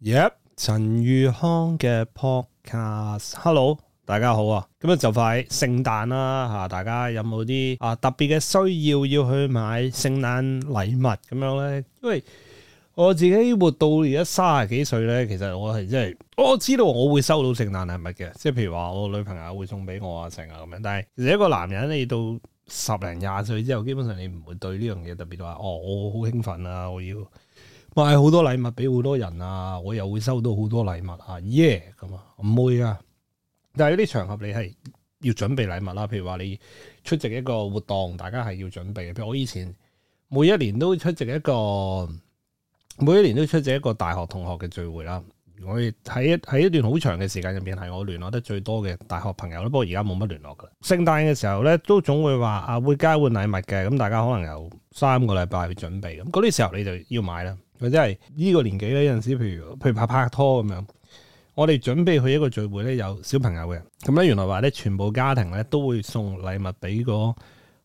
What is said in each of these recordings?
耶！陳宇康嘅 podcast，Hello，大家好啊，咁啊就快聖誕啦吓，大家有冇啲啊特別嘅需要要去買聖誕禮物咁樣咧？因為我自己活到而家三十幾歲咧，其實我係即係我知道我會收到聖誕禮物嘅，即係譬如話我女朋友會送俾我啊成啊咁樣。但係其實一個男人你到十零廿歲之後，基本上你唔會對呢樣嘢特別話哦，我好興奮啊，我要。我買好多禮物俾好多人啊，我又會收到好多禮物啊，耶咁啊唔會啊，但係呢啲場合你係要準備禮物啦、啊，譬如話你出席一個活動，大家係要準備嘅。譬如我以前每一年都出席一個每一年都出席一個大學同學嘅聚會啦，我喺一喺一段好長嘅時間入邊係我聯絡得最多嘅大學朋友啦，不過而家冇乜聯絡噶。聖誕嘅時候咧，都總會話啊會交換禮物嘅，咁大家可能有三個禮拜去準備，咁嗰啲時候你就要買啦。或者係呢個年紀咧，有陣時譬，譬如譬如拍拍拖咁樣，我哋準備去一個聚會咧，有小朋友嘅，咁咧原來話咧，全部家庭咧都會送禮物俾個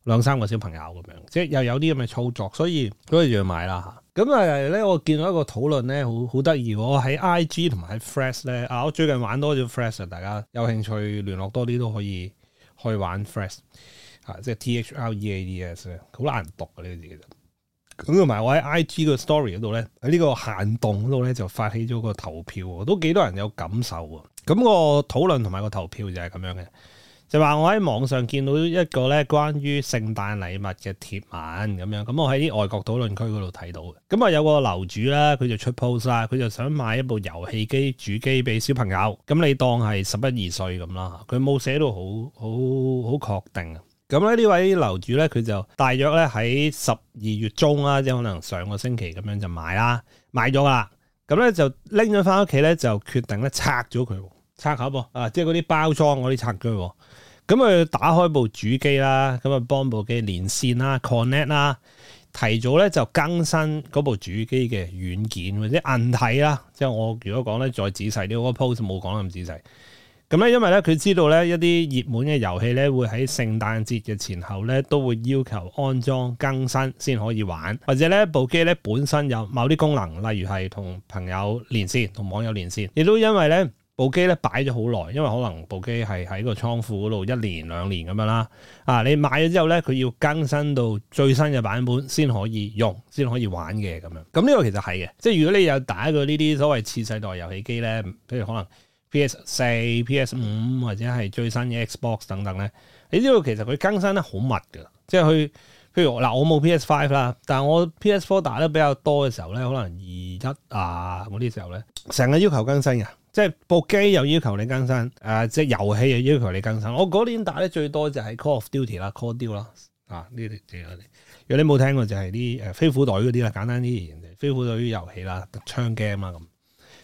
兩三個小朋友咁樣，即係又有啲咁嘅操作，所以所以就要買啦吓。咁誒咧，我見到一個討論咧，好好得意，我喺 I G 同埋喺 f r e s h 咧，啊我最近玩多咗 f r e s h，大家有興趣聯絡多啲都可以去玩 f r e s h 吓，即係 T H L E A D S 好難讀嘅呢啲字。咁同埋我喺 IG 個 story 嗰度咧喺呢個行動嗰度咧就發起咗個投票，都幾多人有感受啊！咁、個討論同埋個投票就係咁樣嘅，就話我喺網上見到一個咧關於聖誕禮物嘅貼文咁樣，咁我喺啲外國討論區嗰度睇到，咁啊有個樓主啦，佢就出 post 啦，佢就想買一部遊戲機主機俾小朋友，咁你當係十一二歲咁啦，佢冇寫到好好好確定啊。咁咧呢位樓主咧，佢就大約咧喺十二月中啦，即係可能上個星期咁樣就買啦，買咗啦。咁咧就拎咗翻屋企咧，就決定咧拆咗佢，拆盒啊，啊！即係嗰啲包裝嗰啲拆咗佢。咁啊，打開部主機啦，咁啊幫部機連線啦，connect 啦，提早咧就更新嗰部主機嘅軟件或者硬體啦。即係我如果講咧再仔細啲，我個 post 冇講得咁仔細。咁咧，因為咧佢知道咧一啲熱門嘅遊戲咧會喺聖誕節嘅前後咧都會要求安裝更新先可以玩，或者咧部機咧本身有某啲功能，例如係同朋友連線、同網友連線，亦都因為咧部機咧擺咗好耐，因為可能部機係喺個倉庫嗰度一年兩年咁樣啦。啊，你買咗之後咧，佢要更新到最新嘅版本先可以用，先可以玩嘅咁樣。咁呢個其實係嘅，即係如果你有打過呢啲所謂次世代遊戲機咧，譬如可能。P.S. 四、P.S. 五或者係最新嘅 Xbox 等等咧，你知道其實佢更新得好密噶，即係去，譬如嗱，我冇 P.S. 五啦，但係我 P.S. four 打得比較多嘅時候咧，可能二一啊嗰啲時候咧，成日要求更新啊，即係部機又要求你更新，誒、啊，即係遊戲又要求你更新。我嗰年打得最多就係 Call of Duty 啦，Call of Duty 啦、啊，啊呢啲如果你冇聽過就係啲誒飛虎隊嗰啲啦，簡單啲，飛虎隊啲遊戲啦，槍 game 啊咁。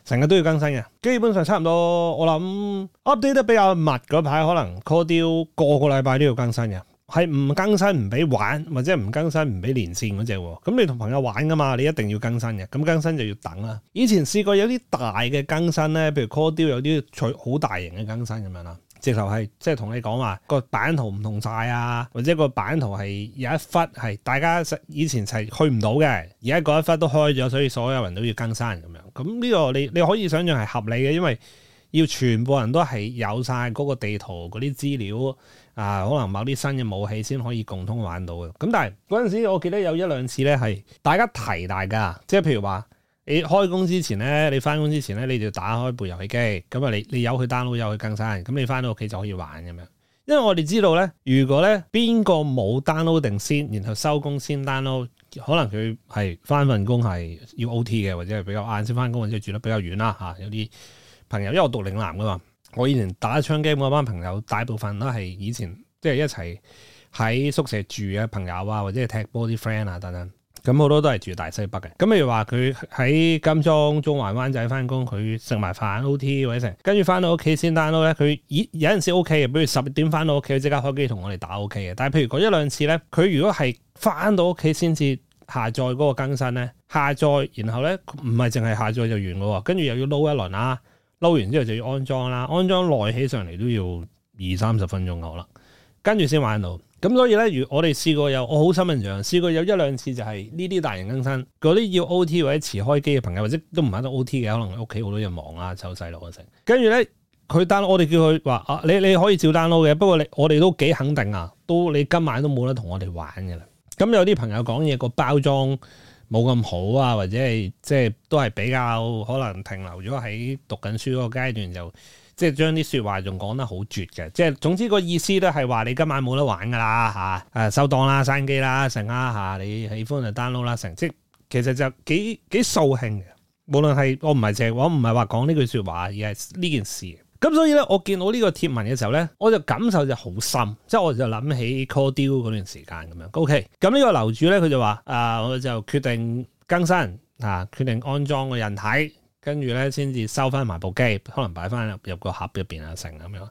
成日都要更新嘅，基本上差唔多。我諗 update 得比較密嗰排，可能 Callio 個個禮拜都要更新嘅。係唔更新唔俾玩，或者唔更新唔俾連線嗰隻。咁你同朋友玩噶嘛，你一定要更新嘅。咁更新就要等啦。以前試過有啲大嘅更新咧，譬如 Callio 有啲取好大型嘅更新咁樣啦。直頭係即係同你講話個版圖唔同晒啊，或者個版圖係有一忽係大家以前係去唔到嘅，而家嗰一忽都開咗，所以所有人都要更新咁樣。咁呢個你你可以想象係合理嘅，因為要全部人都係有晒嗰個地圖嗰啲資料啊，可能某啲新嘅武器先可以共通玩到嘅。咁但係嗰陣時我記得有一兩次呢，係大家提大家，即係譬如話。你開工之前咧，你翻工之前咧，你就打開部遊戲機，咁啊，你你有佢 download 有佢更新，咁你翻到屋企就可以玩咁樣。因為我哋知道咧，如果咧邊個冇 download 定先，然後收工先 download，可能佢係翻份工係要 OT 嘅，或者係比較晏先翻工，或者住得比較遠啦吓。有啲朋友，因為我讀嶺南噶嘛，我以前打槍 game 嗰班朋友，大部分都係以前即係、就是、一齊喺宿舍住嘅朋友啊，或者係踢波啲 friend 啊等等。咁好多都係住大西北嘅，咁譬如話佢喺金鐘、中環灣仔翻工，佢食埋飯、OT 或者成，跟住翻到屋企先 download 咧。佢咦有陣時 OK 嘅，不如十點翻到屋企即刻開機同我哋打 OK 嘅。但係譬如講一兩次咧，佢如果係翻到屋企先至下載嗰個更新咧，下載然後咧唔係淨係下載就完嘅喎，跟住又要 load 一輪啦，load 完之後就要安裝啦，安裝耐起上嚟都要二三十分鐘好啦，跟住先玩到。咁所以咧，如我哋試過有，我好深印象，試過有一兩次就係呢啲大型更新，嗰啲要 OT 或者遲開機嘅朋友，或者都唔係得 OT 嘅，可能屋企好多人忙啊，湊細路嗰陣，跟住咧佢 download，我哋叫佢話啊，你你可以照 download 嘅，不過你我哋都幾肯定啊，都你今晚都冇得同我哋玩嘅啦。咁、嗯、有啲朋友講嘢個包裝冇咁好啊，或者係即係都係比較可能停留咗喺讀緊書嗰個階段就。即係將啲説話仲講得好絕嘅，即係總之個意思咧係話你今晚冇得玩噶啦嚇，誒、啊、收檔啦、閂機啦、成啦嚇，你喜歡就 download 啦成，即其實就幾幾掃興嘅。無論係我唔係淨係我唔係話講呢句説話，而係呢件事。咁所以咧，我見到呢個貼文嘅時候咧，我就感受就好深，即係我就諗起 call deal 嗰段時間咁樣。OK，咁呢個樓主咧佢就話：啊、呃，我就決定更新啊，決定安裝個人體。跟住咧，先至收翻埋部機，可能擺翻入入個盒入邊啊，成咁樣。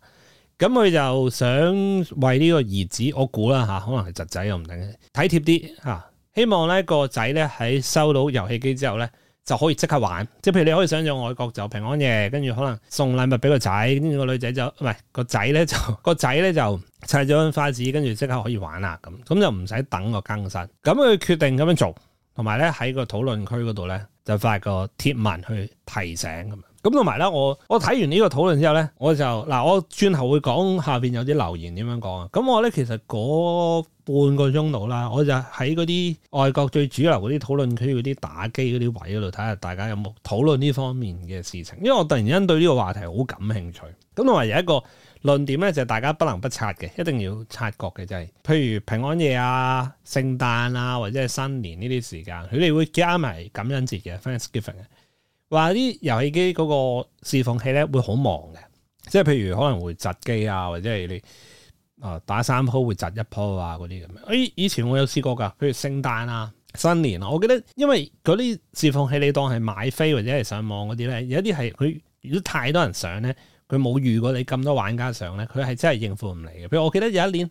咁佢就想為呢個兒子，我估啦吓，可能係侄仔又唔定，體貼啲吓。希望咧個仔咧喺收到遊戲機之後咧，就可以即刻玩。即係譬如你可以想象外國就平安夜，跟住可能送禮物俾個仔，跟住個女仔就唔係個仔咧就個仔咧就,就砌咗張花紙，跟住即刻可以玩啦。咁咁就唔使等個更新。咁佢決定咁樣做。同埋咧喺個討論區嗰度咧，就發個貼文去提醒咁樣。咁同埋咧，我我睇完呢個討論之後咧，我就嗱，我轉頭會講下面有啲留言點樣講啊。咁、嗯、我咧其實嗰半個鐘度啦，我就喺嗰啲外國最主流嗰啲討論區嗰啲打機嗰啲位嗰度睇下，看看大家有冇討論呢方面嘅事情。因為我突然間對呢個話題好感興趣。咁同埋有一個論點咧，就係大家不能不察嘅，一定要察覺嘅，就係、是、譬如平安夜啊、聖誕啦，或者係新年呢啲時間，佢哋會加埋感恩節嘅 Thanksgiving 嘅。話啲遊戲機嗰個伺服器咧，會好忙嘅，即係譬如可能會窒機啊，或者係你啊打三鋪會窒一鋪啊嗰啲咁樣。誒、哎，以前我有試過噶，譬如聖誕啊、新年啊，我記得因為嗰啲伺服器你當係買飛或者係上網嗰啲咧，有一啲係佢如果太多人上咧，佢冇遇過你咁多玩家上咧，佢係真係應付唔嚟嘅。譬如我記得有一年。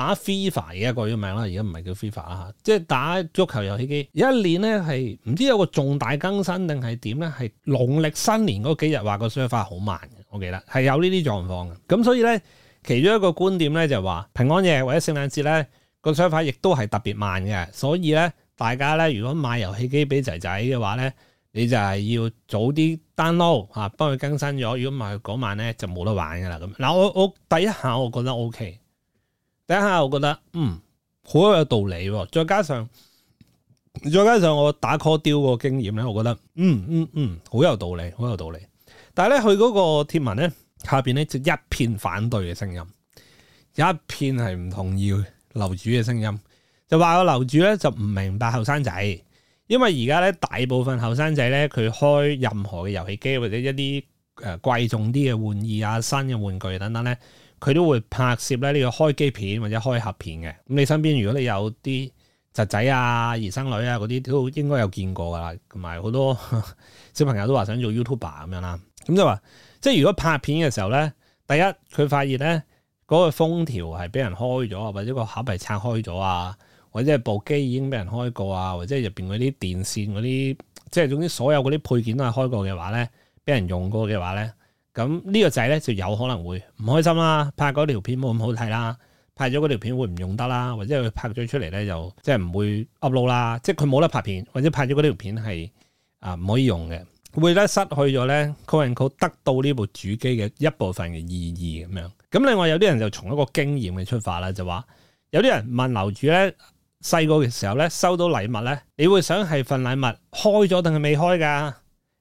打 FIFA 而家改咗名啦，而家唔係叫 FIFA 啦，即係打足球遊戲機。有一年咧係唔知有個重大更新定係點咧，係農曆新年嗰幾日話個 server 好慢嘅，我記得係有呢啲狀況嘅。咁所以咧，其中一個觀點咧就話平安夜或者聖誕節咧個 server 亦都係特別慢嘅。所以咧，大家咧如果買遊戲機俾仔仔嘅話咧，你就係要早啲 download 啊，幫佢更新咗。如果買佢嗰晚咧就冇得玩噶啦。咁嗱，我我第一下我覺得 OK。等下，我覺得嗯好有道理，哦，再加上再加上我打 call 丟個經驗咧，我覺得嗯嗯嗯好有道理，好有道理。但係咧，佢嗰個貼文咧下邊咧就一片反對嘅聲音，有一片係唔同意樓主嘅聲音，就話個樓主咧就唔明白後生仔，因為而家咧大部分後生仔咧佢開任何嘅遊戲機或者一啲誒貴重啲嘅玩意啊新嘅玩具等等咧，佢都會拍攝咧呢個開機片或者開盒片嘅。咁你身邊如果你有啲侄仔啊、兒生女啊嗰啲，都應該有見過㗎啦。同埋好多小朋友都話想做 YouTuber 咁樣啦。咁就話，即係如果拍片嘅時候咧，第一佢發現咧嗰個封條係俾人開咗啊，或者個盒係拆開咗啊，或者部機已經俾人開過啊，或者入邊嗰啲電線嗰啲，即係總之所有嗰啲配件都係開過嘅話咧，俾人用過嘅話咧。咁呢個仔咧就有可能會唔開心啦，拍嗰條片冇咁好睇啦，拍咗嗰條片會唔用得啦，或者佢拍咗出嚟咧就即係唔會 upload 啦，road, 即係佢冇得拍片，或者拍咗嗰條片係啊唔可以用嘅，會咧失去咗咧 Coinco 得到呢部主機嘅一部分嘅意義咁樣。咁另外有啲人就從一個經驗嘅出發啦，就話有啲人問樓主咧細個嘅時候咧收到禮物咧，你會想係份禮物開咗定係未開噶？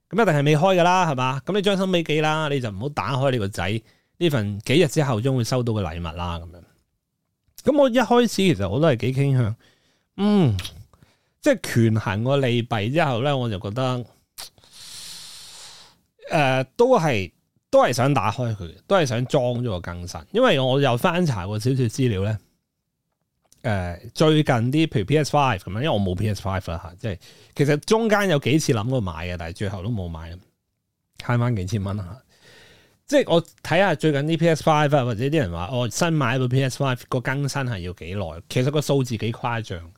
咁一定係未開噶啦，係嘛？咁你將心比己啦，你就唔好打開你個仔呢份，幾日之後將會收到嘅禮物啦。咁樣，咁我一開始其實我都係幾傾向，嗯，即係權衡個利弊之後咧，我就覺得，誒、呃，都係都係想打開佢，都係想裝咗更新。因為我又翻查過少少資料咧。誒，最近啲譬如 PS Five 咁樣，因為我冇 PS Five 啦吓，即係其實中間有幾次諗過買嘅，但係最後都冇買啦，慳翻幾千蚊啦吓。即係我睇下最近啲 PS Five 啊，或者啲人話我新買部 PS Five 個更新係要幾耐，其實個數字幾誇張。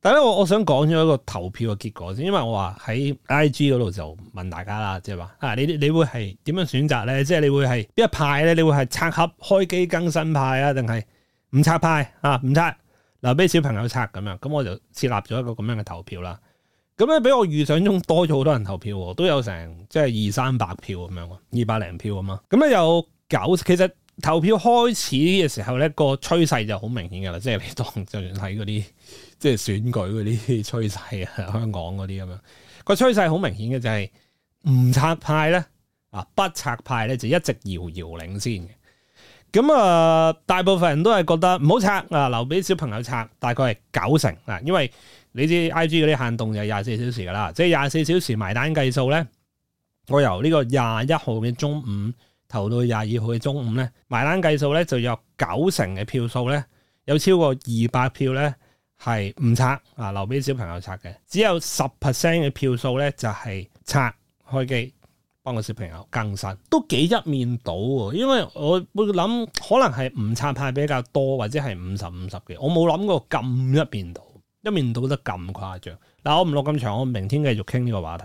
但係咧，我我想講咗一個投票嘅結果先，因為我話喺 IG 嗰度就問大家啦，即係話啊，你你會係點樣選擇咧？即係你會係邊一派咧？你會係、就是、拆盒開機更新派啊，定係？唔拆派啊，唔拆，嗱俾小朋友拆咁樣，咁我就設立咗一個咁樣嘅投票啦。咁咧，比我預想中多咗好多人投票喎，都有成即係二三百票咁樣，二百零票啊嘛。咁咧有九，其實投票開始嘅時候咧，個趨勢就好明顯噶啦，即係你當就算睇嗰啲即係選舉嗰啲趨勢啊，香港嗰啲咁樣，個趨勢好明顯嘅就係唔拆派咧，啊不拆派咧就一直遙遙領先嘅。咁啊、呃，大部分人都係覺得唔好拆啊，留俾小朋友拆，大概係九成嗱，啊，因為你知 I.G 嗰啲限動就係廿四小時噶啦，即係廿四小時埋單計數咧，我由呢個廿一號嘅中午投到廿二號嘅中午咧，埋單計數咧，就有九成嘅票數咧，有超過二百票咧係唔拆啊，留俾小朋友拆嘅，只有十 percent 嘅票數咧就係拆開機。幫個小朋友更新都幾一面倒喎，因為我會諗可能係唔拆派比較多，或者係五十五十嘅，我冇諗過咁一面倒，一面倒得咁誇張。嗱，我唔錄咁長，我明天繼續傾呢個話題。